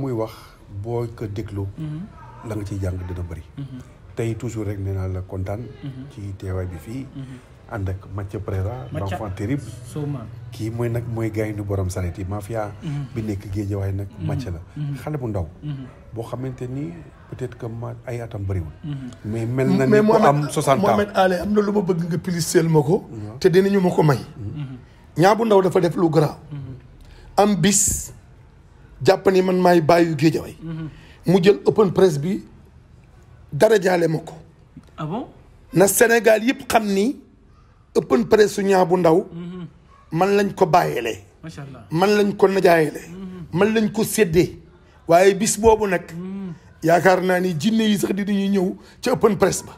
muy wax boo ko déglu la nga ciy jàng dina bëri mm-hmm. tey toujours rek nee naa la kontaan mm-hmm. ci teewaay bi fii mm-hmm. ànd ak Mathia Préra l'enfant terrible kii mooy nag mooy gaynde borom sareet yi mafia mhm. bi nekk géejawaay nag mhm. Mathia la mhm. xale bu ndaw boo xamante ni peut-être que ma ay atam bëriwul mais mel na ni ko am soixante ans Mohamed Ale am na lu ma bëgg nga piliseel ma ko te dina ñu ma ko may ñaa bu ndaw dafa def lu garaaw am bis jàpp ni man maay bàyyi géejawaay mu jël open press bi dara jaale ma ko ah bon na Sénégal yëpp xam ni open press su ñaa bu ndaw mm-hmm. man lañ ko bàyyeele macha allah man lañ ko najaayele mm-hmm. man lañ ko séddee waaye bis boobu nag mm-hmm. yaakaar naa ni jinne yi sax di dañuy ñëw ci open press ba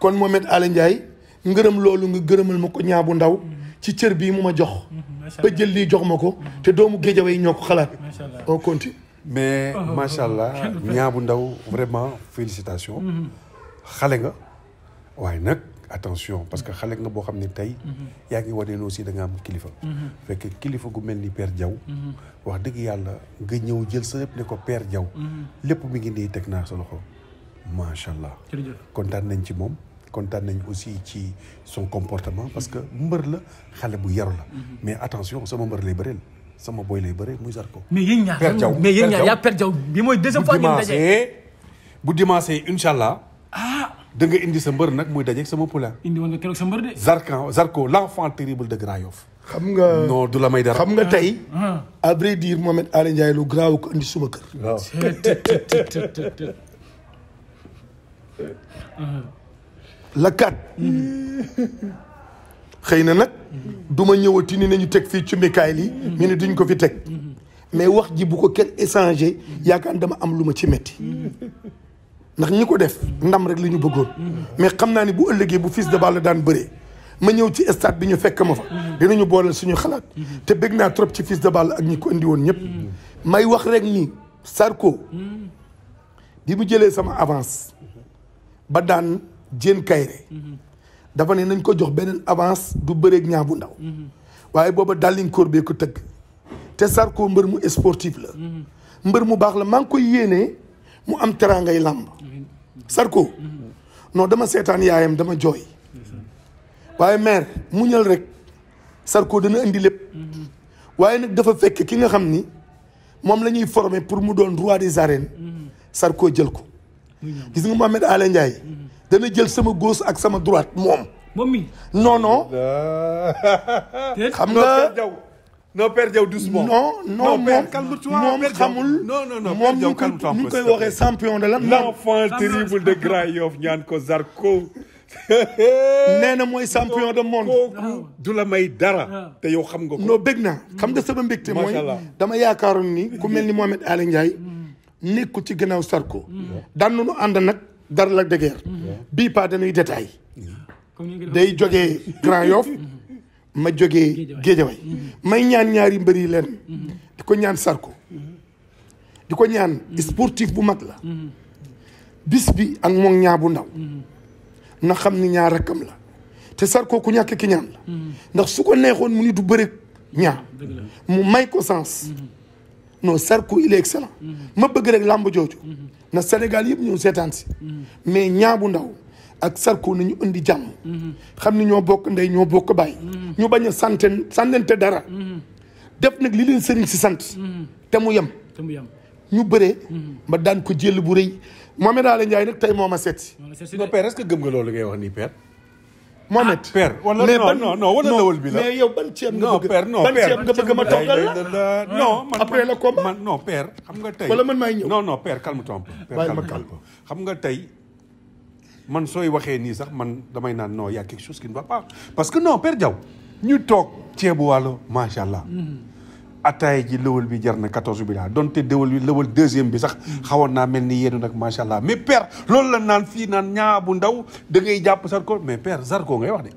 kon Mohamed Alé Ndiaye ngërëm loolu nga gërëmal ma ko ñaa bu ndaw ci cër bii mu ma jox ba jël lii jox ma ko te doomu géejawe yi ñoo ko xalaat on continue mais oh. macha allah ñaa bu ndaw vraiment félicitations xale nga waaye nag attention parce que xale nga boo xam ne tey. Mhm. yaa ngi wane ne aussi da am kilifa. Mhm. fekk kilifa gu mel ni Père Diaw. Mhm. wax dëgg yàlla nga ñëw jël sa lépp ne ko Père Diaw. lépp mu ngi nii teg naa sa loxo macha allah. kontaan nañ ci moom. kontaan nañ aussi ci son comportement parce que mbër la xale bu yaru la. mais attention sama mbër lay bëreel sama boy lay bëreel muy Zarko. mais yéen ñaar Père Diaw mais bi mooy deuxième fois ngeen daje bu dimanche bu dimanche incha allah. Ah! da nga indi sa mbër nag muy dajeeg sama poulain. indi woon nga keroog sa mbër de. Zarkan Zarko l'enfant terrible de Grand Yoff. xam nga non du la may dara. xam nga ah. tey. Ah. à vrai dire Mohamed Aly lu garaaw ko indi suma kër. waaw. Ah. la kat. Mm-hmm. xëy na nag. Mm-hmm. duma ma ñëwati ni nañu teg fii ci mikaay lii. Mm-hmm. ñu ne duñ ko fi teg. mais wax ji bu ko kenn échanger. yaakaar dama am lu ma ci metti ndax ñi ko def ndam rek li ñu bëggoon. mais xam naa ni bu ëllëgee bu Fils de Balla daan bëree ma ñëw ci stade bi ñu fekk ma fa. dinañu booleel suñu xalaat. te bëgg naa trop ci Fils de Balla ak ñi ko indi woon ñëpp. may wax rek ni Sarko. bi mu jëlee sama avance. ba daan Diène Kaïré. dafa ne nañ ko jox beneen avance du bëreeg ñaa bu ndaw. waaye booba Dalin Koor bee ko tëgg. te Sarko mbër mu sportif la. mbër mu baax la maa ngi koy yéene mu am ngay làmb Sarko non dama seetaan yaayam dama jooy waaye mu ñël rek Sarko dana indi lépp waaye nag dafa fekk ki nga xam ni moom lañuy ñuy former pour mu doon roi des arènes Sarko jël ko gis nga Mohamed Alé Ndiaye dana jël sama gauche ak sama droite moom moom mi non non xam nga non Père Diaw doucement. non non moom moom xamul. non non non Père Diaw calme koy waxee champion de la. l'enfant terrible ñaan ko Zarko. nee na mooy champion de monde. kooku du la may dara. Ah. te yow xam nga ko. non bëgg naa xam nga mm. sama mbégte mooy. dama yaakaaroon ni ku mel ni Mohamed Ali Ndiaye. nekkul ci gannaaw Zarko. Mm. daan nañu ànd nag dara la dëgër. Mm. bii paa dañuy détail. day jógee Grand Yoff ma jógee géejawaay mm-hmm. may ñaan ñaari mbër yi leen mm-hmm. di ko ñaan Sarko mm-hmm. di ko ñaan sportif bu mag la bis bi ak moom ñaa bu ndaw na xam ni ñaar rakkam la te Sarko ku ñàkk ki ñaan la ndax su ko neexoon mu ni du bëre ñaa mu may ko sens non Sarko il est excellent ma bëgg rek làmb jooju na Sénégal yëpp ñëw seetaan si mais ñaa bu ndaw ak Sarko ñu indi jàmm. xam ni ñoo bokk ndey ñoo bokk baay. ñu bañ a santeen sànnante dara. def nag li leen sëriñ si sant. te mu yem. te mu yem ñu bëree. ma mm-hmm. daan ko jël bu rëy. Mohamed Aly Ndiaye nag tey moo ma seet si. non père est gëm nga loolu ngay wax nii père. Mohamed ah, père wala non non wala lawal bi la mais yow ban ceeb nga bëgg non ban ceeb nga bëgg ma toggal la ah. non après la combat man non xam nga tey wala man maay ñëw non non père calme-toi un peu. xam nga tey man sooy waxee nii sax man damay naan non y' a quelque chose qui ne va pas parce que non per jaw ñu toog ceebu waalo macha allah. Mm-hmm. ataay ji lëwal bi jar na quatorze milliards donte déwal bi lëwal deuxième bi sax mm-hmm. xawoon naa mel ni yéenu nag macha allah mais père lool la naan fii naan ñaa bu ndaw da ngay jàpp Zarko mais père Zarko ngay wax de.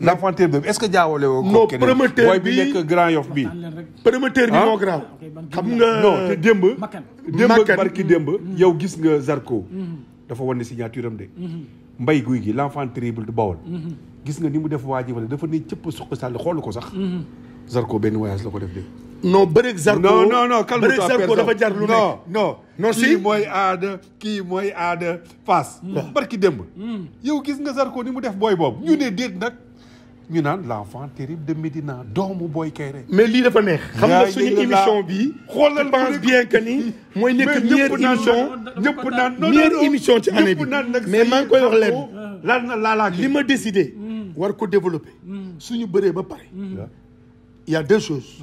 l'infanterie de est-ce que jaawale woo. non promoteur bi nekk Grand Yoff bi. promoteur bi ah? moo graaw. xam nga non te démb. démb barki démb mm-hmm. yow gis nga Zarko. dafa wane signature am de. Mhm. mbay guy gi l' enfant terrible du Bawol. Mhm. gis nga ni mu def waa ji wala dafa ne cëpp suq a xoolu ko sax. Mhm. Zarko benn voyage la ko def de. non bëreeg Zarko non non non calme-toi Zarko dafa jar lu nekk non kii mooy aada kii mooy aada Fass. barki démb. yow gis nga Zarko ni mu def booy boobu ñu ne déet ñu naan l'enfant terrible de Médina doomu Boy Kéré. mais lii dafa neex. xam nga suñu émission bi xoolal je pense bien que ni. mooy nekk meilleure émission ñëpp naan meilleure émission ci année bi mais maa ngi koy wax leen. laal na laalaak li ma décidé. Hmm. war ko développer. Hmm. suñu bëree ba pare. il hmm. y a deux choses.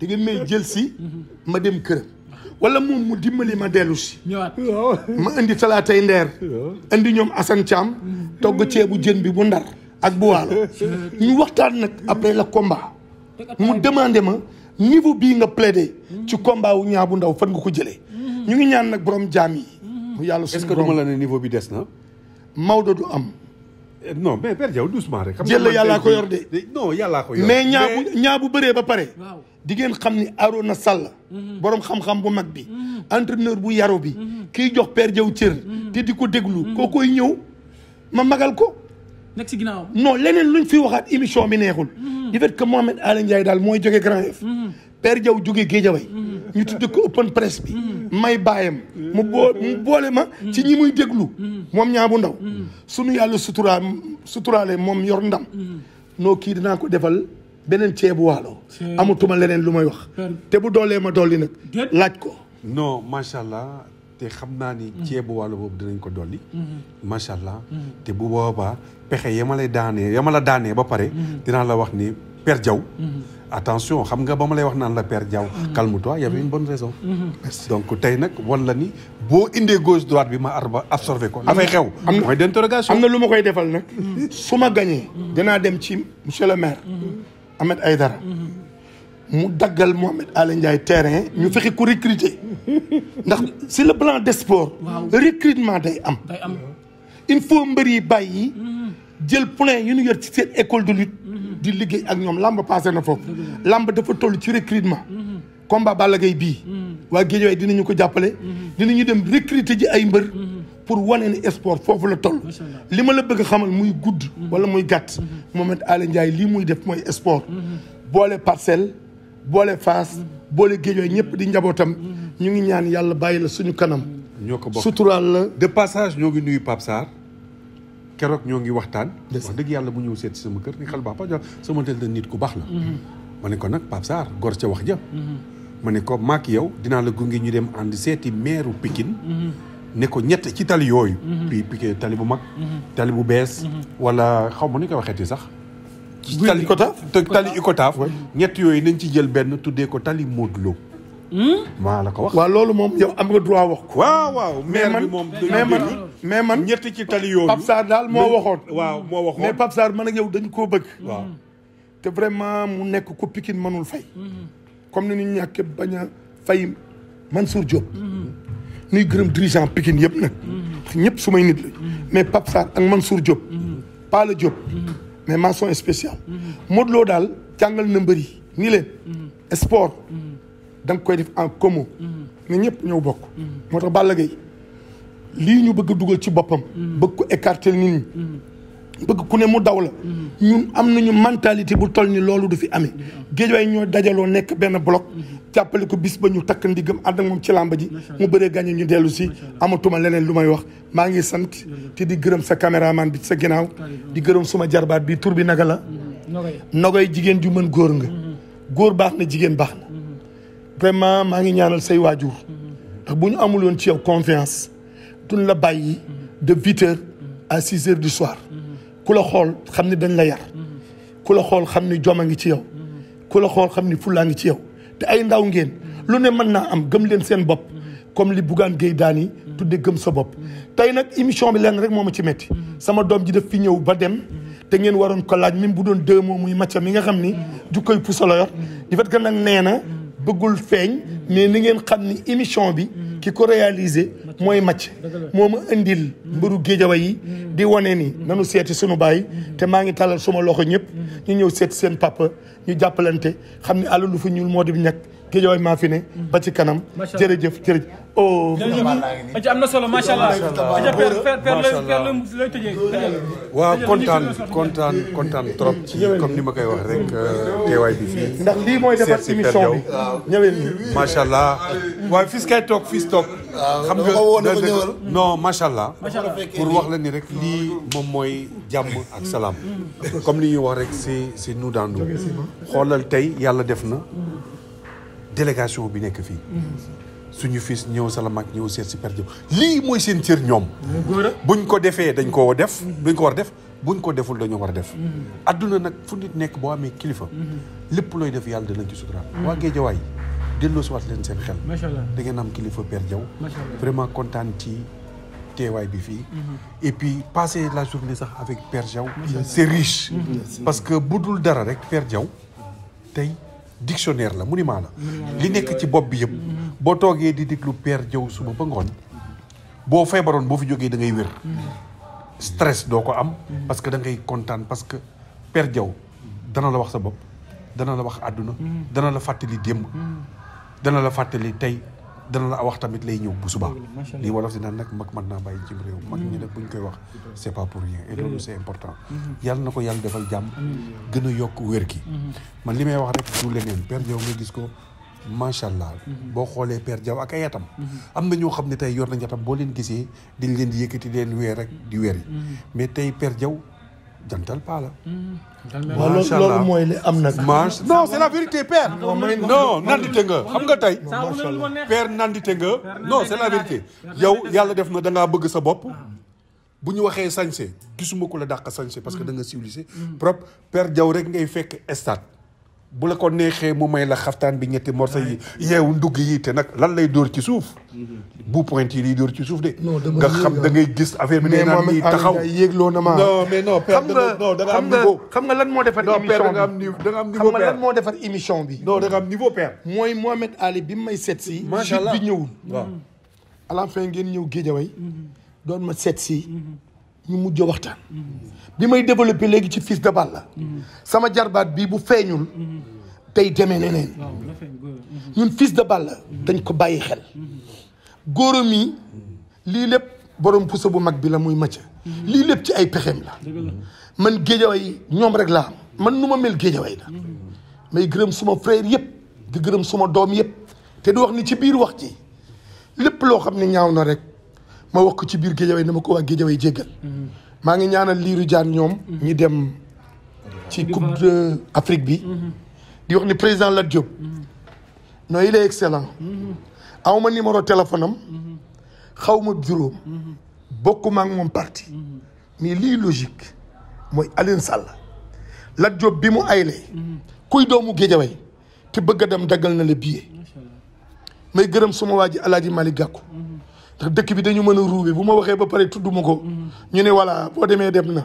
da ngeen may jël si. ma dem këram. wala moom mu dimbali ma dellu si. ma indi talaatay ndeer indi ñoom Assane Thiam. togg ceebu jën bi bu ndar. ak bu waalo ñu waxtaan nag après le combat mu demandé ma niveau bii nga plaidé ci combat wu ñaa bu ndaw fan nga ko jëlee ñu ngi ñaan nag boroom jaam yi yàlla suñu borom est-ce duma la ne niveau bi des na Maodo du am eh, non mais Père Diaw doucement rek jël la yàllaa ko yor de non yàllaa ko yor mais ñaa bu ñaa bëree ba pare di ngeen xam ni na Sall mhm. borom xam-xam bu mag bi mhm. entraîneur bu yaro bi mhm. kiy jox Père Diaw cër te di ko déglu koo koy ñëw ma magal ko nekk si ginnaaw non leneen luñ fi waxaat émission bi neexul. du mhm. fait que Mohamed Alioune daal mooy jógee Grand F. Mhm. Père Diaw jógee Guédiawaye. Mhm. ñu tuddee ko open press bi. may bàyyam mu boo mu boole ma. ci ñi muy déglu. moom ñaa bu ndaw. sunu yàlla sutura suturaale moom yor ndam. noo kii dinaa ko defal beneen ceebu waalo. amatuma leneen lu may wax. te bu doolee ma dool dolli nag. laaj ko. macha allah. te xam naa ni mhm. ceebu wàllu boobu dinañ ko dolli mhm. macha allah mhm. te bu boobaa pexe yama lay daanee yama la daanee ba pare dinaa la wax ni Père Diaw attention xam nga ba ma lay wax naan la Père Diaw calme a y avait une bonne raison donc tey nag wala ni boo indee gauche droite bi ma arba absorbé ko dafay xew mooy d'interrogation am na lu ma koy defal nag su ma gañee dinaa dem ci monsieur le maire Ahmed Aïdara mu daggal Mohamed Alé Ndiaye terrain ñu fexe ko recruter ndax si le plan des sports. recrutement day am. day am il faut mbër yi bàyyi. jël poulain yu ñu yor ci seen école de lutte. di liggéey ak ñoom làmb passé na foofu. làmb dafa toll ci recrutement. combat Balla Gaye bii. Mm-hmm. waa Guédiawaye dinañu ko jàppale. Mm-hmm. dinañu dem recruter ji ay mbër. Mm-hmm. pour wane ni sport foofu la toll. li ma la bëgg xamal muy gudd. wala muy gàtt. Mohamed Alé Ndiaye lii muy def mooy sport. boole parcelle. boole faas boole géejooy ñëpp di njabootam ñu ngi ñaan yàlla bàyyi la suñu kanam. ñoo ko bokk suturaal la. de passage ñoo ngi nuyu Pape Sarr keroog ñoo ngi waxtaan. wax dëgg yàlla mu ñëw seet sama kër ni xel baa pa sama sama tel nit ku baax la. Mm-hmm. ma ne ko nag Pape Sarr gor ca wax ja. Mm-hmm. ma ne ko maak yow dinaa la gunge ñu dem ànd seeti meeru pikin mm-hmm. ne ko ñett ci tali yooyu. pi tali bu mag. tali bu bees. wala xaw ma ni ko waxeeti sax. tali Icotaf tali Icotaf ñett yooyu nañ ci jël benn tuddee ko tali Modou Lo hmm? maa la ko wax. loolu moom yow am nga droit wax ko. waaw waaw maire moom mais man mais man ñetti ci tali yooyu. Pape daal moo waxoon. waaw moo waxoon mais Pape Sarr man a yow dañ koo bëgg. waaw hmm. te vraiment mu nekk ko Pikine mënul fay. Hmm. comme ni ñu ñàkkee bañ a fay Mansour Diop. nuy gërëm dirigeant pikin yëpp nag. ñëpp sumay nit la. mais Pape Sarr man Mansour Diop. Pala Diop. mais mention spéciale. Modou Lo daal jàngal na mbër nii leen. sport da nga koy def en commun. ne ñëpp ñëw bokk. moo tax Balla Gaye lii ñu bëgg dugal ci boppam. bëgg ko écarter nit ñi. bëgg ku ne mu daw la ñun am nañu mentalité bu toll ni loolu du fi amee géejawaay ñoo dajaloo nekk benn bloc jàppale ko bis ba ñu takk ndigam ànd ak moom ci làmba ji mu bëree gàññe ñu dellu si amatuma leneen lu may wax maa ngi sant te di gërëm sa caméraman bi sa ginnaaw di gërëm suma jarbaat bi tur bi naga la mm-hmm. nogoy jigéen ju mën góor nga mm-hmm. góor baax na jigéen baax na mm-hmm. vraiment maa ngi ñaanal say waajur bu ñu amul woon ci yow confiance duñ la bàyyi de à six du soir ku la xool xam ni dañ la yar ku la xool xam ni jom a ngi ci yow ku la xool xam ni fullaa ngi ci yow te ay ndaw ngeen lu ne mën naa am gëm leen seen bopp comme li Bougane Gueye Dany tudde gëm sa bopp tey nag émission bi leen rek moo ma ci metti sama doom ji daf fi ñëw ba dem te ngeen waroon ko laaj même bu doon deux mois muy match mi nga xam ni jukkoy puso la yor di fait que nag nee bëggul feeñ mais ni ngeen xam ni émission bi ki ko réalisé mooy Mathieu moo ma indil mbëru géejawa yi di wane ni nanu seeti sunu baay te maa ngi talal suma loxo ñëpp ñu ñëw seeti seen papa ñu jàppalante xam ne àlalu fa ñuul moo di ñàkk géejawaay maa fi ne. ba ci kanam. jërëjëf jërëjëf. oh. am na solo macha kontaan kontaan kontaan trop ci comme ni ma koy wax rek euh, teewaay bi fii. ndax lii mooy defar émission bi ñëwee nii. macha allah waaye fiis kay toog fii toog. xam nga non macha allah. pour wax la ni rek lii moom mooy jàmm ak salaam. comme li ñuy wax rek si si nous dans nous. xoolal tey yàlla def na. délégation bi nekk fii. suñu fils ñëw sala mag ñëw seet si per Diop lii mooy seen cër ñoom. buñ ko defee dañ ko def. buñ ko war def buñ ko deful dañoo war a def. àdduna nag fu nit nekk boo amee kilifa. lépp looy def yàlla dinañ ci suturaal. waa Géejawaay delloosiwaat leen seen xel. macha allah da ngeen am kilifa per Diop. vraiment kontaan ci teewaay bi fii. Mhm. et puis passer la journée sax avec per Diop. c'est riche. Mhm. parce que bu dul dara rek per Diop dictionnaire la mu monument la li nekk ci bopp bi yëpp mm-hmm. boo toogee di déglu per jaw suba ba ngoon boo feebaroon boo fi jógee da ngay wér mm-hmm. stress doo ko am mm-hmm. parce que da ngay kontaan parce que per Diaw dana la wax sa bopp dana la wax àdduna dana la fàttali démb dana la fàttali tey dana la wax tamit lay ñëw bu subaa lii wolof di naan nag mag mën naa bàyyi cim réew mag ñi mm-hmm. nag buñ koy wax c'est pas pour rien et mm-hmm. na ko yàlla defal jàmm gën a yokk wér gi mm-hmm. man li may wax rek du leneen Père Diaw nga gis ko macha allah boo xoolee Père Diaw ak ay atam am na ñoo xam ne tey yor nañ atam boo leen gisee dañ leen di yëkkati leen weer rek di weer yi mais tey Père Diaw jantal paa la. macha loolu mooy li am nag. macha non c'est la vérité père. non nandite nga xam nga tey. père nandite nga. non c'est la vérité. yow yàlla def na da bëgg sa bopp. bu ñu waxee sañse gisuma ko la dàq sañse parce que hmm. danga nga civilisé. propre jaw rek ngay fekk stade. bu la ko neexee mu may la xaftaan bi ñetti morso yi yeewu ndugg yi te nag lan lay dóor ci suuf mm-hmm. bu point yi liy ci suuf de nga xam da ngay gis affaire bi nee naa nii taxaw ma non mais non xam xam nga lan moo defar émission bi da nga am niveau xam nga lan bi non da nga am niveau père mooy Mohamed may seet si macha allah bi ñëwul waaw la fin ngeen ñëw Guédiawaye mm-hmm. doon ma seet si mm-hmm. ñu mujj waxtaan. bi may développé léegi ci fils de Balla. sama jarbaat bii bu feeñul. tey demee neneen ñun fils de Balla dañ ko bàyyi xel. góoram yi lii lépp borom puso bu mag bi la muy macca lii lépp ci ay pexeem la. man géejawaay ñoom rek laa am man nu ma mel géejawaay la. may gërëm suma frère yëpp di gërëm suma doom yëpp te du wax ni ci biir wax ji lépp loo xam ne ñaaw na rek. ma wax ko ci biir géejawaay na ma ko waa géejawaay jéggal maa ngi ñaanal liiru jaan ñoom ñi dem ci coupe de Afrique bi mhm. di wax ni président Lat Diop mhm. non il est excellent mhm. aw ma numéro téléphone am xaw ma juróom bokkuma ak moom parti mais lii logique mooy Alioune Sall Lat Diop bi mu aylee kuy doomu géejawaay te bëgg a dem daggal na la billet may gërëm suma waa ji Alaaji Malick Gakou dëkk bi dañu mën a ruube bu ma waxee ba pare tudd ma ko. ñu ne voilà boo demee dem na.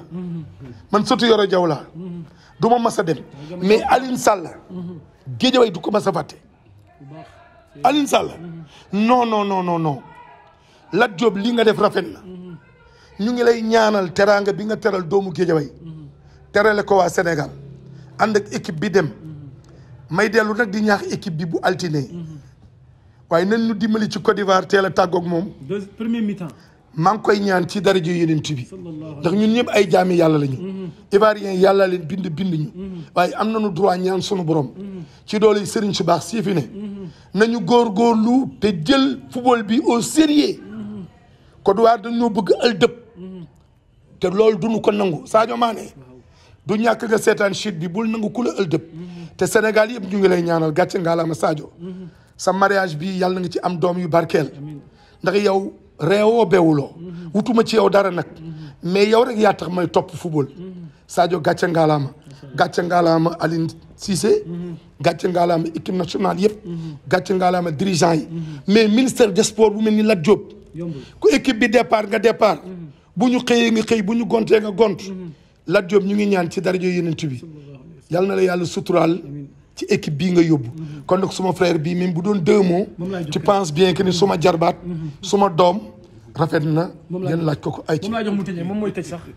man sotti yor a laa. du ma mas a dem. mais alin Sall. géejawaay du ko mas a fàtte. Alioune Sall. non non Lat Diop li nga def rafet na. ñu ngi lay ñaanal teraanga bi nga teral doomu géejawaay. terale ko waa Sénégal. ànd ak équipe bi dem. may dellu nag di ñaax équipe bi bu altine. waaye nañ ñu dimbali ci Côte d'Ivoire teel a tàggoog moom. deux premier mi-temps. maa ngi koy ñaan ci daraja Yonent bi ndax ñun ñëpp ay jaami yàlla lañu. Mhm. Ivoirien yàlla leen bind bind ñu. Mhm. waaye am nañu droit ñaan sunu borom. Mhm. ci doole Serigne su baax sii fi ne. nañu lu te jël football bi au sérieux. Côte d'Ivoire dañoo bëgg ëldëb. te loolu duñu ko nangu saajo Mané. du ñàkk nga seetaan chute bi bul nangu ku la ëldëb. te Sénégal yëpp ñu ngi lay ñaanal gàcce ngalama Sadio. sa mariage bi yàlla nga ci am doom yu barkeel ndax yow reewoo beewuloo wutuma ci yow dara nag mais yow rek ya tax may topp football Sadio gàcce ngaalaama gàcce ngaalaama Aline Cissé gàcce ngaalaama équipe nationale yëpp gàcce ngaalaama dirigeant yi mais ministère des sports bu mel ni Lat Diop ku équipe bi départ nga départ bu ñu xëyee nga xëy bu ñu gontee nga gont Lat Diop ñu ngi ñaan ci darajo yenent bi yàlla na la yàlla suturaal ci équipe bii nga yóbbu. kon nag suma frère bii même bu doon deux mots. tu penses bien que ni mm-hmm. suma jarbaat. Mm-hmm. suma doom rafet na. moom ngeen laaj ko ko ay ci. moom laa moom mooy teg sax.